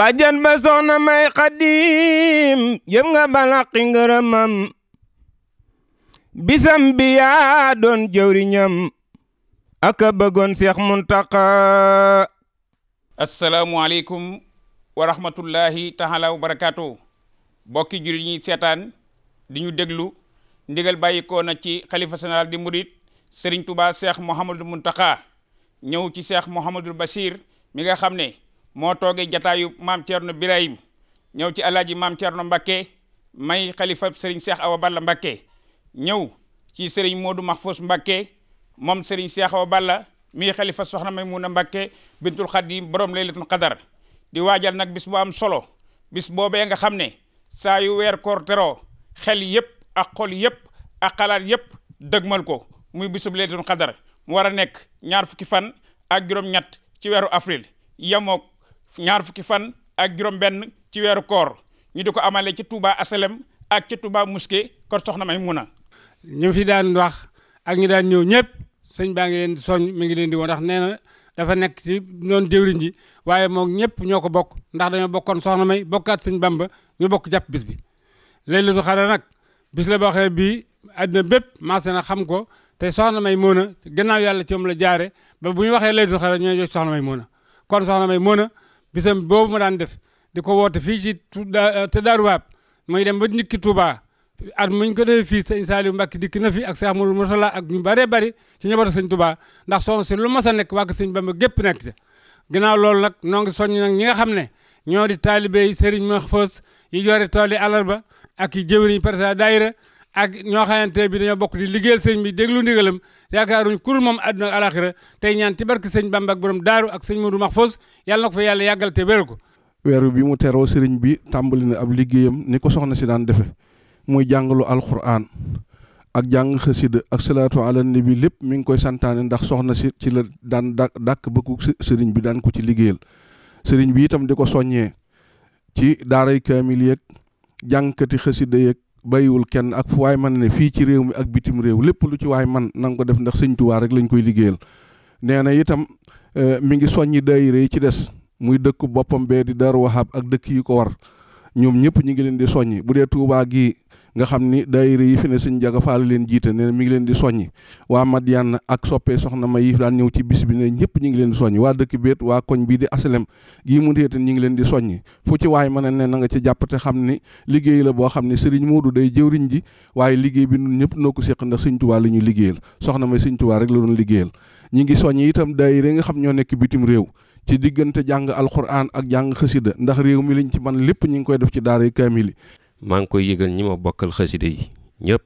bàjjan ba soxna may xadim yëpp nga balaqi ngërëmam bisam bi yaa doon jëwriñam aka bëggoon seex muntaqa asalaamualeykum wa rahmatullahi taala wa barakaatu bokki juri ñuy seetaan di ñu déglu ndigal bàyyikoo na ci xalifa général di murit sëriñ tubaa seex mouhamadul muntaxa ñëw ci seex mouhamadul basir mi nga xam ne moo toogee jataayu maam Thierno Birahim ñëw ci alaaji maam Thierno Mbakke may xalifa sëriñ seex awa balla Mbakke ñëw ci sëriñ moodu mahfous Mbakke moom sëriñ seex awa balla mii xalifa soxna Maymuna Mbàkke bintul Xadim borom laylatul qadar di waajal nag bis bu am solo bis boobee nga xam ne saa yu weer koor teroo xel yëpp ak xol yëpp ak xalaat yëpp dëgmal ko muy bisub laylatul qadar mu war a nekk ñaar fukki fan ak juróom-ñett ci weeru avril yemook ñaar fukki fan ak juróom-benn ci weeru koor ñu di ko amale ci tubaa Asalem ak ci Touba Mosquée kër soxna na ñu fi daan wax ak ñu daan ñëw ñëpp. sëñ baa ngi leen di soñ mi ngi leen di woo ndax na dafa nekk ci noon jëwriñ ji waaye moom ñëpp ñoo ko bokk ndax dañoo bokkoon soxna may bokkaat sëñ bamba ñu bokk jàpp bis bi Laylatul Qadr nag bis la boo xam ne bii àddina bépp maase na xam ko te soxna may moo na gannaaw yàlla ci moom la jaare ba bu ñu waxee Laylatul Qadr ñoo jox soxna may moo na kon soxna may moo na bisam boobu ma daan def di ko woote fii ci te daaruwaab muy dem ba nit ki Tuubaa at muñ ko defee fii sëñ Saliou Mbacke dikk na fi ak Cheikh Amadou Mourtala ak ñu bëree bëri ci ñëbatu sëñ Touba ndax soxna si lu mas a nekk waa sëñ Bamba gépp nekk ca ginnaaw loolu nag noo ngi soññ nag ñi nga xam ne ñoo di taalibé yi Serigne Mahfouz yi yore tool yi ba ak yi jëwriñ président daayira ak ñoo xamante bi dañoo bokk di liggéeyal sëñ bi déglu ndigalam yaakaaruñ kur moom àdduna ak alaxira tey ñaan ci barke sëñ Bamba ak borom daaru ak sëñ Modou Mahfouz yàlla na ko fa yàlla yàggal te wér ko weeru bi mu teroo sëriñ bi tàmbali na ab liggéeyam ni ko soxna si daan defe muy jàngalu alxuraan ak jàng xasida ak salaatu ala nabi lépp mi ngi koy santaane ndax soxna si ci la daan dàkk dàkk bëggu sëriñ bi daan ko ci liggéeyal sëriñ bi itam di ko soññee ci daaray kaamil yeeg jàngkati xasida yeeg bàyyiwul kenn ak fu waay man ne fii ci réew mi ak bitim réew lépp lu ci waay man na nga ko def ndax sëñ rek lañu koy liggéeyal nee na itam e, mi ngi soññi daayira yi ci des muy dëkk boppam bee di Daaru Wahab ak dëkk yi ko war ñoom ñëpp ñu ngi leen di soññi bu nga xam ni daayira yi fi ne sëñ Jaga Faal leen jiite nee na ngi leen di soññi waa Madiane ak soppee soxna ma yi daan ñëw ci bis bi ne ñëpp ñi ngi leen di soññi waa dëkk béet waa koñ bii di aslem gii mu téete ngi leen di soññi fu ci waay mën a ne nga ci jàpp te xam ni liggéey la boo xam ne sëriñ du day jëwriñ ji waaye liggéey bi ñun ñëpp noo ko séq ndax sëñ Tuubaa la ñu liggéeyal soxna may sëñ rek la doon liggéeyal ñi ngi soññi itam daayira nga xam ñoo nekk bitim réew ci diggante jàng alxuraan ak jàng xasida ndax réew mi liñ ci man lépp ñi ngi koy def ci daara kaamil yi maa ngi koy yëgal ñi ma bokkal xasida yi ñëpp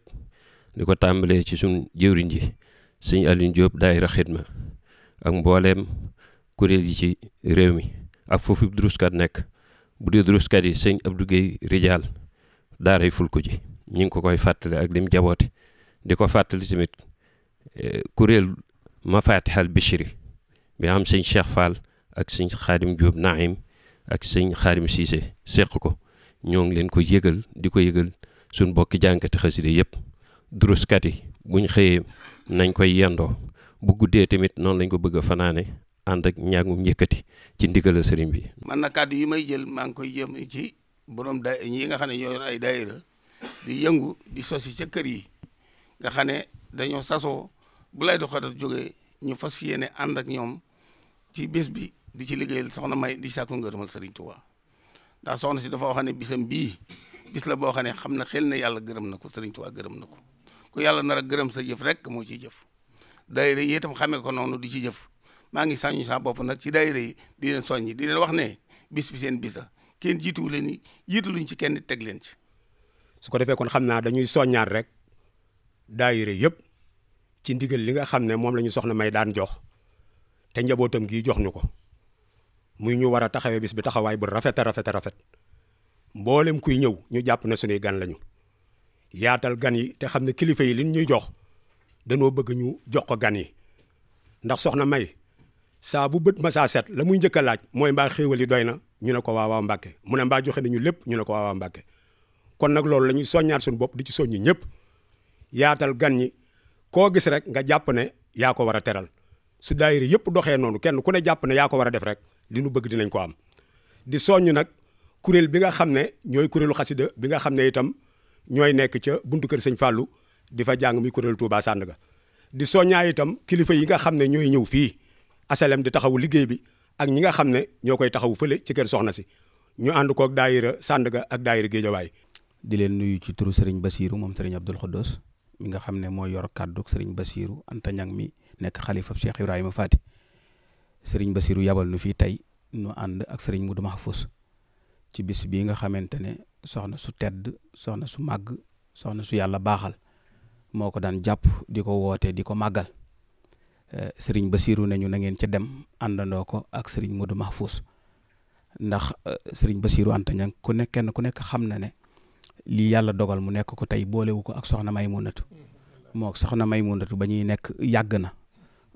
di ko tàmbalee ci suñ jëwriñ ji sëñ Alioune Diop daayira xidma ak mbooleem kuréel yi ci réew mi ak foofu druskat nekk bu dee druskat yi sëñ Abdou Guèye Rijaal daaray fulku ji ñu ngi ko koy fàttali ak lim jaboote di ko fàttali tamit e, kuréel ma Mafatihal Bichri bi am sëñ Cheikh Fall ak sëñ Xaadim Diop Naim ak sëñ Xaadim Cissé séq ko ñoo ngi leen ko yëgal di ko yëgal suñ bokki jànkati xaside yëpp duruskat yi buñ xëyee nañ koy yendoo bu guddee tamit noonu lañ ko bëgg a fanaane ànd ak ñaagum yëkkati ci ndigal sëriñ bi. man na kàddu yi may jël maa ngi koy jëm ci borom da ñi nga xam ne ñoo yor ay daayira di yëngu di sosi ca kër yi nga xam ne dañoo sasoo bu lay doxatat jógee ñu fas yéene ànd ak ñoom ci bés bi di ci liggéeyal soxna May di sàkku ngërëmal sëriñ Tuubaa ndax soxna si dafa wax ne bisam bii bis la boo xam ne xam na xel na yàlla gërëm na ko sëriñ Tuubaa gërëm na ko ku yàlla nar a gërëm sa jëf rek moo ciy jëf daayira yi itam xamee ko noonu di ci jëf maa ngi sañu sa bopp nag ci daayira yi di leen soññi di leen wax ne bis bi seen bisa kenn jiituwu leen ni jiitu luñ ci kenn teg leen ci. su ko defee kon xam naa dañuy soññaat rek daayira yëpp ci ndigal li nga xam ne moom la ñu soxna may daan jox te njabootam gii jox ko. muy ñu war a taxawee bis bi taxawaay bu rafet a rafet a rafet mboolem kuy ñëw ñu jàpp na suñuy gan lañu yaatal gan yi te xam ne kilifa yi liñ ñuy jox danoo bëgg ñu jox ko gan yi ndax soxna May saabu bët masaa saa set la muy njëkk laaj mooy mbaa xéewal yi doy na ñu ne ko waa waa Mbàkke mu ne mbaa joxe nañu lépp ñu ne ko waa waa kon nag loolu la soññaat suñu bopp di ci soññi ñëpp yaatal gan ñi koo gis rek nga jàpp ne yaa ko war a teral su daayira yëpp doxee noonu kenn ku ne jàpp ne yaa ko war a def rek li bëgg dinañ ko am di soññ nag kuréel bi nga xam ne ñooy kuréelu xasida bi nga xam ne itam ñooy nekk ca buntu kër sëñ Fallou di fa jàng muy kuréelu Touba Sandaga di soññaa itam kilifa yi nga xam ne ñooy ñëw fii asalem di taxawu liggéey bi ak ñi nga xam ne ñoo koy taxawu fële ci kër soxna si ñu ànd koog daayira Sandaga ak daayira Géejawaay di leen nuyu ci turu Serigne Bassirou moom Serigne Abdoul Khodos mi nga xam ne moo yor kàddu Serigne basiiru Anta Niang mi nekk xalifab Cheikh Ibrahima Fati sëriñ Basiru yabal nu fii tey nu ànd ak sëriñ max Mahfus ci bis bii nga xamante ne soxna su tedd soxna su màgg soxna su yàlla baaxal moo ko daan jàpp di ko woote di ko màggal eh, sëriñ Basiru nañu na ngeen ci dem àndandoo ko ak sëriñ Mudu Mahfus ndax eh, sëriñ Basiru Anta Ñaŋ ku nekk kenn ku nekk xam na ne lii yàlla dogal mu nekk ko tey boolewu ko ak soxna Maymunatu mm-hmm. moo soxna Maymunatu ba ñuy nekk yàgg na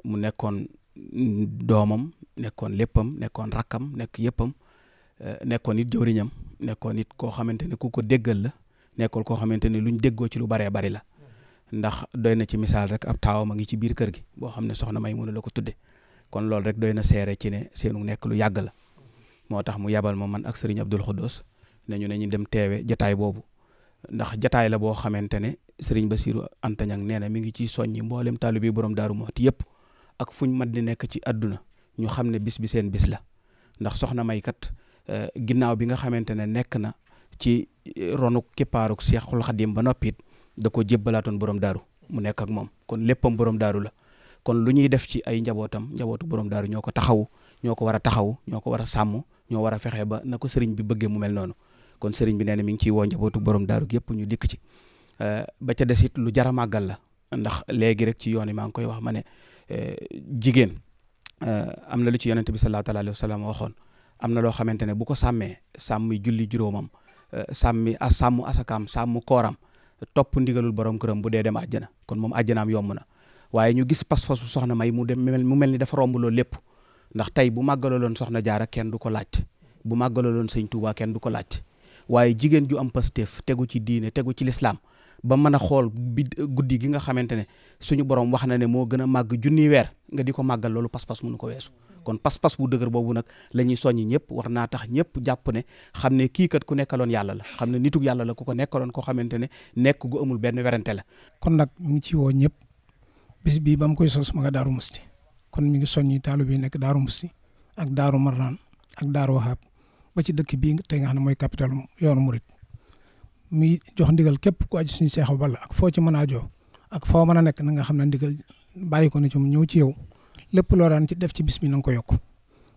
mu nekkoon doomam nekkoon léppam nekkoon rakkam nekk yëppam euh, nekkoon it jëwriñam nekkoon it koo xamante ne ku ko déggal la nekkoon koo xamante ne luñ déggoo ci lu baree bari la ndax doy na ci misaal rek ab taawam a ngi ci biir kër gi boo xam ne soxna Maymuna la ko tudde kon loolu rek doy na seere ci ne seenu nekk lu yàgg la moo tax mu yabal ma man ak sëriñ Abdul Xuddoos ne ñu ne ñu dem teewe jataay boobu ndax jataay la boo xamante ne sëriñ Basiiru Antaña nee na mi ngi ciy soññi mboolem taalibe bi borom Daaru Muxti yëpp ak fuñ mat di nekk ci àdduna ñu xam ne bis bi seen bis la ndax soxna May kat eh, ginnaaw bi nga xamante ne nekk na ci eh, ronuk kippaaruk Seexul Xadim ba noppi it da ko jébbalaatoon borom daaru mu nekk ak moom kon léppam borom daaru la kon lu ñuy def ci ay njabootam njabootu borom daaru ñoo ko taxawu ñoo ko war a taxawu ñoo ko war a sàmm ñoo war fexe ba na ko sëriñ bi bëggee mu mel noonu kon sëriñ bi nee na mi ngi ciy woo njabootu borom daaru yëpp ñu dikk ci eh, ba ca des lu jar a màggal la ndax léegi rek ci yoon yi maa ngi koy wax ma ne Eh, jigéen eh, am na lu ci yonent bi sallallahu alayhi wa sallam waxoon am na loo xamante ne bu ko sàmmee sàmmi julli juróomam eh, sàmmi as sàmm asakaam sàmm kooram topp ndigalul borom këram bu dee dem àjjana kon moom àjjanaam yomb na waaye ñu gis pas-pasu soxna May mu dem mu mel ni dafa romb loolu lépp ndax tey bu màggalooloon soxna jaara kenn du ko laaj bu màggalaloon sëñ Tuubaa kenn du ko laaj waaye jigéen ju am pasteef tegu ci diine tegu ci lislaam ba mën a xool guddi gi nga xamante ne suñu borom wax na ne moo gën a màgg junni weer nga di ko màggal loolu pas-pas mënu ko weesu kon pas-pas bu dëgër boobu nag la ñuy soññi ñëpp war naa tax ñëpp jàpp ne xam ne kii kat ku nekkaloon yàlla la xam ne nitu yàlla la ku ko nekkaloon koo xamante ne nekk gu amul benn werante la kon nag mu ngi ci woo ñëpp bis bii ba mu koy sos ma nga daaru musti kon mi ngi soññi taalu bi nekk daaru musti ak daaru marnaan ak daaru wahab ba ci dëkk bii tey nga xam ne mooy capital yoonu murit muy jox ndigal képp ku aju suñu Seex Balla ak foo ci mën a joo ak foo mën a nekk na nga xam ne ndigal bàyyi ko na ci mu ñëw ci yow lépp loo daan ci def ci bis mi na nga ko yokk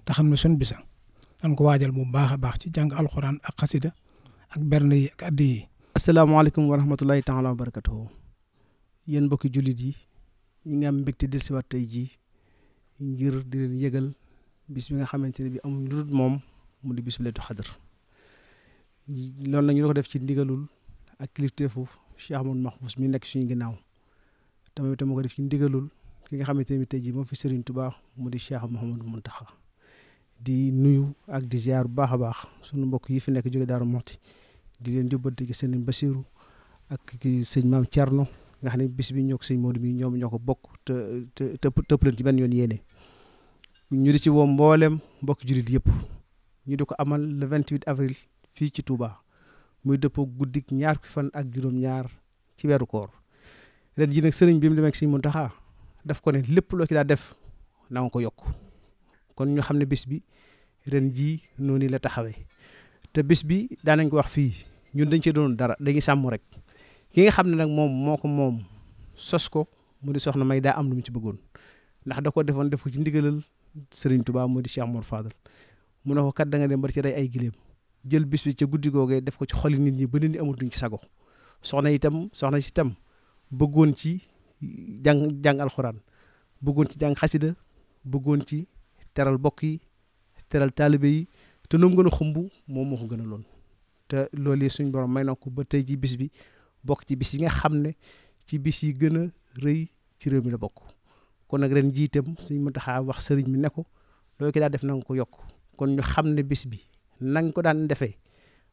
te xam ne suñu bisa nan ko waajal bu baax a baax ci jàng alxuraan ak xasida ak berne yi ak addi yi. asalaamaaleykum wa rahmatulahi taala wa barakatuhu yéen mbokki jullit yi ñu ngi am mbégte dellusiwaat tey jii ngir di leen yëgal bis bi nga xamante ne bi am lu dul moom mu di bisu leetu xadar loolu nañu ñu ko def ci ndigalul ak kilifteefu Cheikh Amadou Mahfous mi nekk si suñu ginnaaw tamit itam ko def ci ndigalul ki nga xamante ni tey jii moom fi Serigne Touba mu di Cheikh Mouhamadou Mountakha di nuyu ak di ziar bu baax a baax sunu mbokk yi fi nekk jóge Daaru Muxti di leen jubbante ci sëñ ak ki sëñ Maam Thierno nga xam ne bis bi ñoo ko sëñ Modou mi ñoom ñoo ko bokk te te tëpp leen ci benn yoon yéene ñu di ci woo mboolem mbokk jullit yëpp ñu di ko amal le 28 avril. fii ci Touba muy dëppoo guddik ñaar fukki fan ak juróom-ñaar ci weeru koor ren ji nag sëriñ bi mu demee ak Sëriñ Muntaxa daf ko ne lépp loo ci daa def na ko yokk kon ñu xam ne bis bi ren jii noonu la taxawee te bis bi daanañ ko wax fii ñun dañ cee doon dara dañuy sàmm rek ki nga xam ne nag moom moo ko moom sos ko mu di soxna may daa am lu mu ci bëggoon ndax da ko defoon def ko ci ndigalal sëriñ Touba mu di Cheikh amoon Fadal mu ne ko kat da nga dem ba ci rey ay gileem jël bis bi ca guddi googee def ko ci xoli nit ñi ba nit ñi amatuñ ci sago soxna itam soxna si itam bëggoon ci jàng jàng bëggoon ci jàng xasida bëggoon ci teral bokk yi teral taalibe yi te noom gën a xumb moom moo ko gën a loon te loolu suñ borom may na ko ba tey ji bis bi bokk ci bis yi nga xam ne ci bis yi gën a rëy ci réew mi la bokk kon nag ren jiitam suñ mën taxaa wax sëriñ mi ne ko loolu ki daal def na nga ko yokk kon ñu xam ne bis bi nang ko daan defee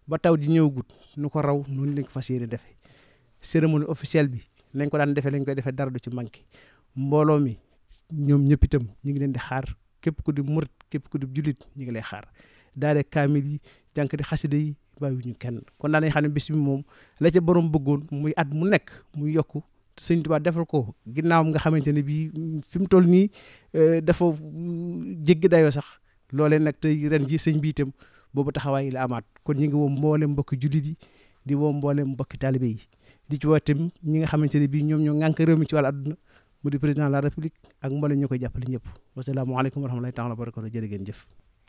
ba taw di ñëwagut nu ko raw noonu lañ ko fa yéene defee cérémonie officielle bi nañ ko daan defee lañ ko defee dara du ci manqué mbooloo mi ñoom ñëpp itam ñu ngi leen di xaar képp ku di murit képp ku di jullit ñu ngi lay xaar daare kaamil yi jànk di xasida yi bàyyiwuñu kenn kon daanañ xam ne bis moom la ca borom bëggoon muy at mu nekk muy yokku sëñ Tuubaa defal ko ginnaawam nga xamante ne bii fi mu toll nii euh, dafa euh, jéggi dayoo sax loolee nag tey ren ji sëñ bi boobu taxawaay la amaat kon ñu ngi woo mboolem mbokki jullit yi di woo mboolem mbokki taalibe yi di ci woo itam ñi nga xamante ne bii ñoom ñoo ŋànk réew mi ci wàllu àdduna mu di président de la république ak mboolem ñu koy jàppale ñëpp wasalaamaaleykum wa rahmatulahi taala wa barakatu jërë ngeen jëf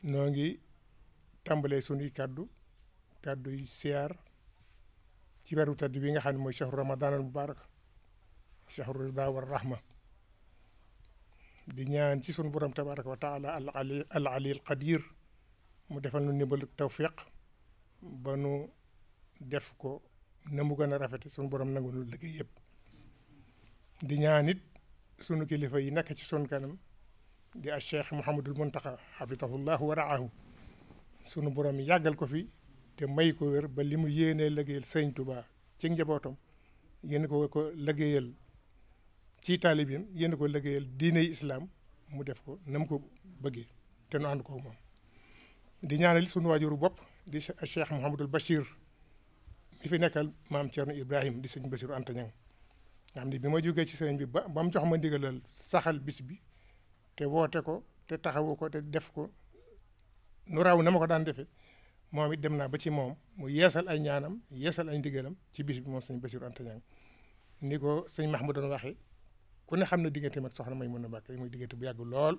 noo ngi tàmbalee sunuy kàddu kàddu yi siyaar ci weeru tedd bi nga xam ne mooy chahru ramadan al mubarak chahru rida wa rahma di ñaan ci sunu borom tabaraka wa taala al ali al qadir mu defal nu ndimbal tawfiq ba nu def ko na mu a rafete suñu borom nangu nu liggéey yëpp di ñaa nit sunu kilifa yi nekk ci sunu kanam di a cheikh Mouhamadul Muntaxa xafidahullahu wa raahu sunu borom yàggal ko fi te may ko wér ba li mu yéenee liggéeyal sëñ Tuubaa ci njabootam yéen ko ko liggéeyal ci taalibin yéen ko liggéeyal diiney islaam mu def ko na ko bëggee te nu ànd ko moom di ñaanal suñu waajuru bopp di Cheikh Mouhamadul Bachir mi fi nekkal maam Thierno Ibrahim di sëñ Bachir Anta Niang nga xam ne bi ma jógee ci sëriñ bi ba ba mu jox ma ndigalal saxal bis bi te woote ko te taxawu ko te def ko nu raw ne ma ko daan defee moom it dem naa ba ci moom mu yeesal ay ñaanam yeesal ay ndigalam ci bis bi moom sëñ Bachir Anta Niang ni ko sëñ Mahmoud doon waxee ku ne xam ne diggante mag soxna may mën a Mbàkke muy diggante bu yàgg lool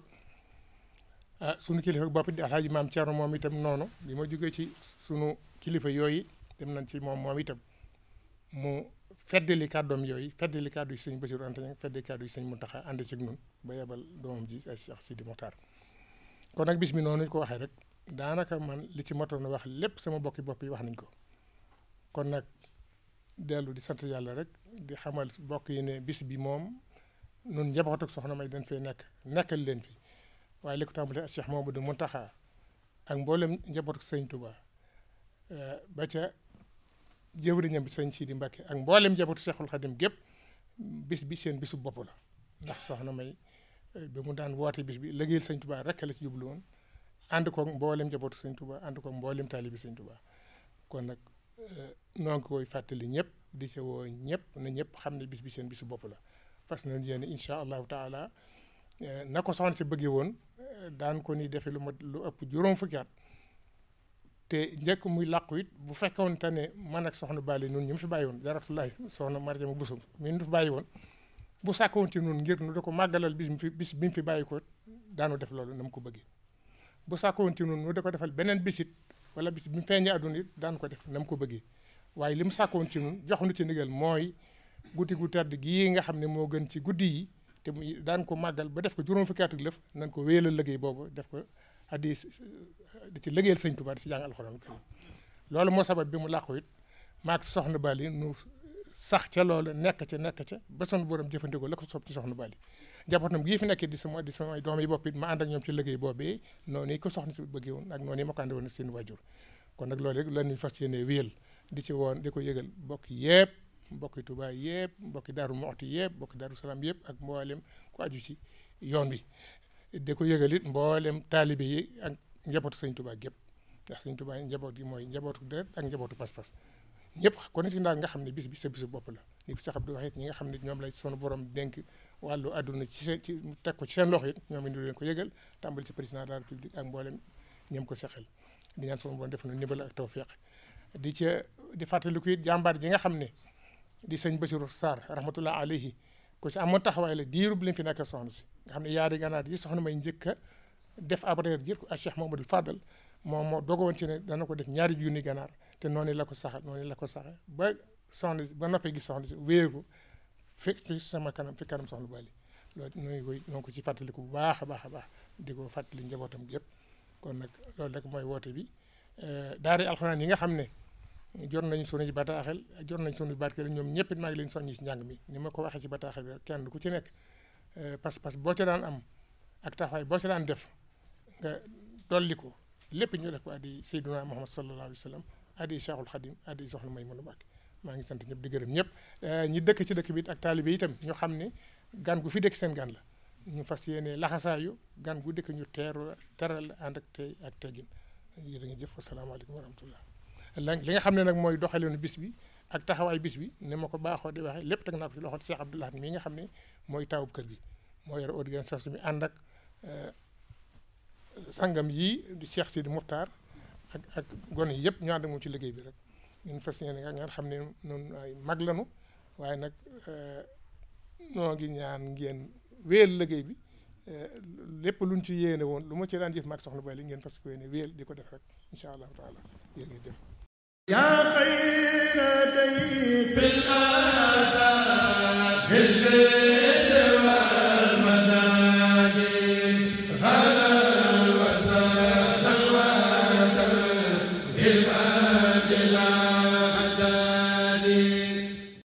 ah sunu kilifa bopp di alxaaji maam Thierno moom itam noonu bi ma jógee ci sunu kilifa yooyu dem nañ ci moom moom itam mu feddali kàddoom yooyu feddali kàddu yi sëñ Basiru Anta Ñaŋ yi sëñ Muntaxa ànd ci nun ba yebal doomam ji ay Cheikh Sidi kon nag bis mi noonu ko waxee rek daanaka man li ci matoon wax lépp sama bokki bopp yi wax nañ ko kon nag dellu di sant yàlla rek di xamal bokk yi ne bis bi moom nun njaboot soxna may dañ fee nekk nekkal leen fi waaye li ko ak Cheikh Mamadou Muntaxa ak mboolem njabootu sëñ Touba eh, ba ca jëwriñam bi sëñ Sidi Mbacke ak mboolem njabootu seexul Khadim gépp bis bi seen bisu bopp la ndax soxna May eh, bi mu daan woote bis bi liggéeyal sëñ Touba rek la ci jublu ànd koog mboolem njabootu sëñ Touba ànd koog mboolem taalibi sëñ Touba kon nag eh, noo ngi koy fàttali ñëpp di ca woo ñëpp na ñëpp xam ne bis bi seen bisu bopp la fas nañu yéene incha allahu taala. Eh, na ko soxna si bëggee woon eh, daan ko ni defee lu mat lu ëpp juróom fukki at te njëkk muy làqu it bu fekkoon te ne man ak soxna Bali noonu ñu mu fi bàyyi woon jaratulaay soxna Mariama Bousso mi ñu fi bàyyi woon bu sàkkoon ci nun ngir nu da ko màggalal bis mu fi bis bi mu fi bàyyi ko def loolu na ko bëggee bu sàkkoon ci nu da defal beneen bis wala bis bi mu feeñee àdduna it daan ko def na mu ko bëggee waaye li mu sàkkoon ci noonu jox nu ci ndigal mooy guddi gu tedd gii nga xam ne moo gën ci guddi yi te muy daan ko màggal ba def ko juróom fukki at ak lëf nañ ko wéyalal liggéey boobu def ko addi euh, di ci liggéeyal sëñ Tuubaa di si jàng alxuraan karim loolu moo sabab bi mu làqu it maag soxna Bali nu sax ca loolu nekk ca nekk ca ba son borom jëfandikoo la ko sob ci soxna Bali njabootam gii fi nekkee di sama di sama doom yi bopp it ma ànd ak ko soxna si bëggee woon ak noonu ma ko ànd woon seen wajur kon nag loolu rek la ñuy fas yéene wéyal di ci woon di ko yëgal bokk yëpp mbokki tubaay yëpp mbokki Daaru Moxti yëpp mbokki Daaru Salaam yëpp ak mboolem ku aju ci yoon bi di ko yëgal it mboolem taalibe yi ak njabootu sëñ Touba gépp ndax sëñ Touba njaboot gi mooy njabootu deret njabootu pas-pas ñëpp ku ne si nga xam ne bis bi sa bopp la ni ko Cheikh Abdou waxee nga xam ne ñoom lay sunu borom dénk wàllu àdduna ci seen ci teg ko ci seen it ñoom indi leen ko yëgal tàmbali ci président de la république ak mboolem ñoom ko sexel di ñaan sunu borom def na ndimbal ak tawfeex di ca di fàttaliku it jàmbaar ji nga xam ne di ba sëñ Basiru Sarr rahmatullah alayhi ko ci amoon taxawaay la diirub li fi nekk soxna si nga xam ne yaari ganaar yi soxna may njëkk a def ab reer ji ak ma Mamadou Fadal moom moo dogoon ci ne dana ko def ñaari junni ganaar te noonu la ko saxal noonu la ko saxal ba soxna si noppee gis soxna si wéeru fekk sama kanam fi kanam soxna Bali loolu ñu ngi koy ñoo ko ci fàttaliku bu baax a baax a baax di ko fàttali njabootam gi yëpp kon nag loolu rek mooy woote bi daara alxuraan yi nga xam ne. jot nañu sunuy bataaxel jot nañ sunuy barkeel ñoom ñëpp it maa ngi leen soññi si njàng mi ni ma ko waxee si bataaxel kenn ku ci nekk euh, pas-pas boo ca daan am ak taxawaay boo def nga dolli ko lépp ñu def ko addi Seydina Muhammad sallallahu alayhi wa sallam addi Cheikhul Khadim addi Soxna Maymuna Mbàkke maa ngi sant ñëpp di ñëpp euh, ñi dëkk ci dëkk bi ak taalibe itam ñu xam ne gan gu fi dëkk seen gan ñu fas yéene laxasaayu gan gu dëkk ñu teeru teral ànd ak tey ak teggin yéen a ngi jëf asalaamaaleykum wa rahmatullah la li nga xam ne nag mooy doxalinu bis ak taxawaay bis bi ni ma ko baaxoo di lépp teg naa ko ci loxo Cheikh Abdoulaye mi xam ne mooy tawub kër gi moo yor organisation bi ànd ak euh, sangam yii di Cheikh Sidi Moukhtar ak ak gone yi yëpp ñu ànd ci liggéey bi rek ñun fas yéene nga xam ne noonu ay mag lañu waaye nag noo euh, ngi ñaan ngeen wéyal liggéey bi euh, lépp luñ ci yéene woon lu ma ci daan jëf maag soxna Boye li ngeen fas yéene wéyal di ko def rek incha allahu taala yéen ngi jëf yaa xayra day fil aadaa